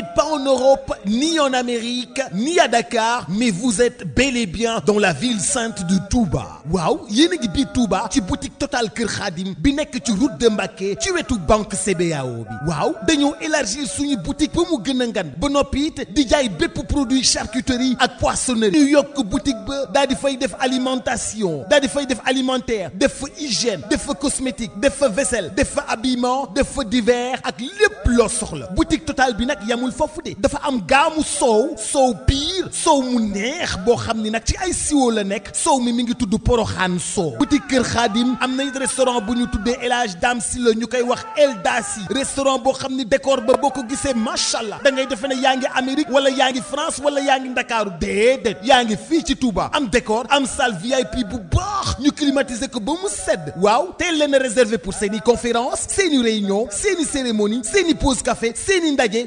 n'êtes pas en Europe, ni en Amérique, ni à Dakar, mais vous êtes bel et bien dans la ville sainte de Touba. waaw yéen a ngi biir Touba ci boutique Total Kër Khadim bi nekk ci route de Mbacké ci wetu banque CBAO bi waaw dañoo élargir suñu boutique ba mu gën a ngan ba noppi it di jaay bépp produit charcuterie ak poissonnerie ñu yokk boutique ba daal di fay def alimentation daal di fay def alimentaire def fa hygiène def fa cosmétique def fa vaisselle def fa habillement def fa divers ak lépp yemul foofu dafa am gaamu soow soow piir soow mu neex boo xam ni nag ci ay siwo la nekk soow mi mi ngi tudd poroxaan soow boutique Kër Xaadim am nañ restaurant bu ñu tuddee El Hadj si la ñu koy wax El Dasi restaurant boo xam ni décor ba boo ko gisee macha allah da ngay defe ne yaa ngi Amérique wala yaa ngi France wala yaa ngi Ndakaaru déedéet yaa ngi fii ci Touba am décor am salle VIP bu baax ñu climatiser ko ba mu sedd waaw teel leen réservé pour seeni conférence seeni réunion seeni cérémonie seeni pause café seeni ndaje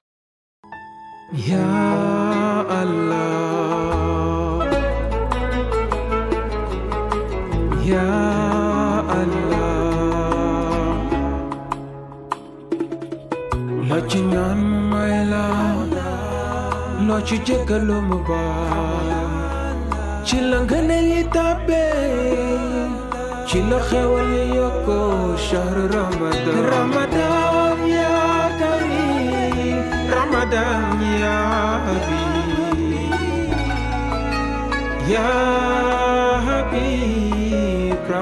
Ya Allah Ya Allah loo ci ñaan mu may la loo ci jéggalu mu baal ci la ngëneel yi tàbbee ci la xewal yi yokko shahru Ramadan Ramadan قدم يا حبيب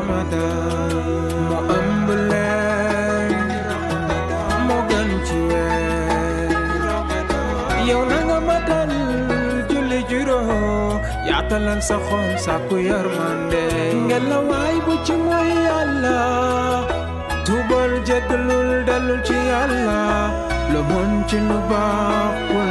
mu ëmb mu gën ci weer yow nga matal julli juróom yaatalal sa xol sàkku yërmande ngelaw waay bu ci mooy yàlla tuubal jégalul dellu ci yàlla lu mën ci lu baax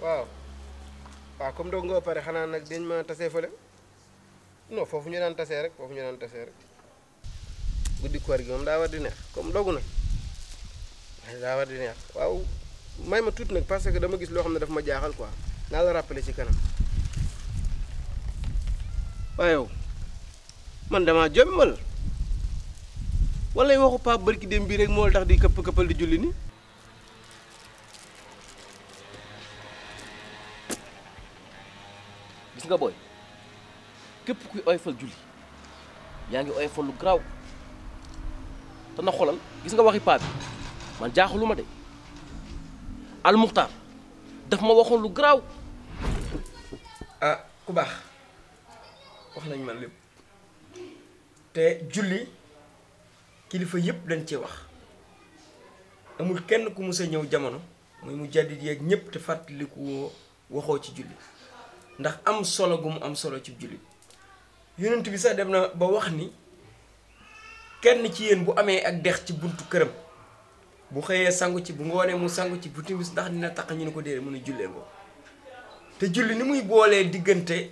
waaw waaw comme dog nga pare xanaa nag dañ ma tasee fële non foofu ñu daan tasee rek foofu ñu daan tasee rek guddi koor gi moom daa war di neex comme dogu na daa war di neex waaw may ma tuuti nag parce que dama gis loo xam ne dafa ma jaaxal quoi naa la rappeler ci kanam waaye yow man damaa jommal wala waxu Pape barki dem bii rek moo tax di këpp këppal di julli ni gis nga booy képp kuy oyofal julli yaa ngi oyofal lu garaaw te na xolal gis nga waxi paa bi man jaaxalu ma de al muxtaar ma waxoon lu garaaw. ah ku baax wax nañ man lépp te julli kilifa yëpp dañ ci wax amul kenn ku mus ñëw jamono muy mu jàddit yeeg ñëpp te fàttaliku waxoo ci julli. ndax am solo gu mu am solo ci jullit yonent bi sax dem na ba wax ni kenn ci yéen bu amee ak dex ci buntu këram bu xëyee sangu ci bu ngoonee mu sangu ci bu timis ndax dina tax ñu ne ko déedéet mën a jullee ngoo te julli ni muy boolee diggante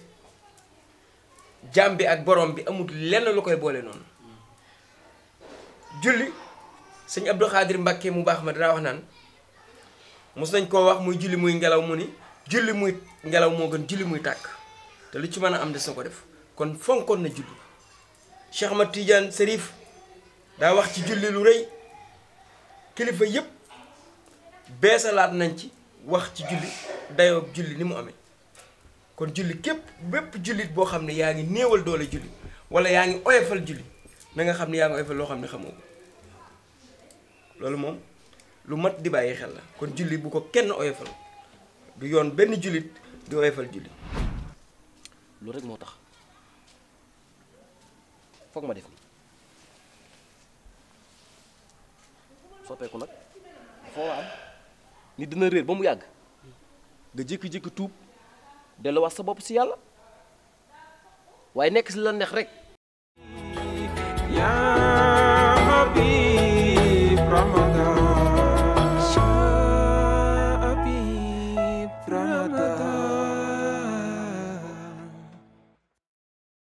jaam bi ak borom bi amul lenn lu koy boole noonu julli sëñ Abdou Khadir Mbacke mu baax ma danaa wax naan mos nañ koo wax muy julli muy ngelaw mu ni julli muy ngelaw moo gën julli muy tàkk te lu ci mën a am des na ko def kon fonkoon na julli Cheikh Ahmad Tidiane Serif daa wax ci julli lu rëy kilifa yëpp beesalaat nañ ci wax ci julli dayoo julli ni mu amee kon julli képp bépp jullit boo xam ne yaa ngi néewal doole julli wala yaa ngi oyofal julli na nga xam ne yaa ngi oyofal loo xam ne xamoo ko loolu moom lu mat di bàyyi xel la kon julli bu ko kenn oyofal. du yoon benn jullit du reefal jullit lu rek moo tax foog ma def nii soppeeku nag foo am nit dina réer ba mu yàgg nga jékki-jékki tuub delluwaat sa bopp si yàlla waaye nekk si la neex rek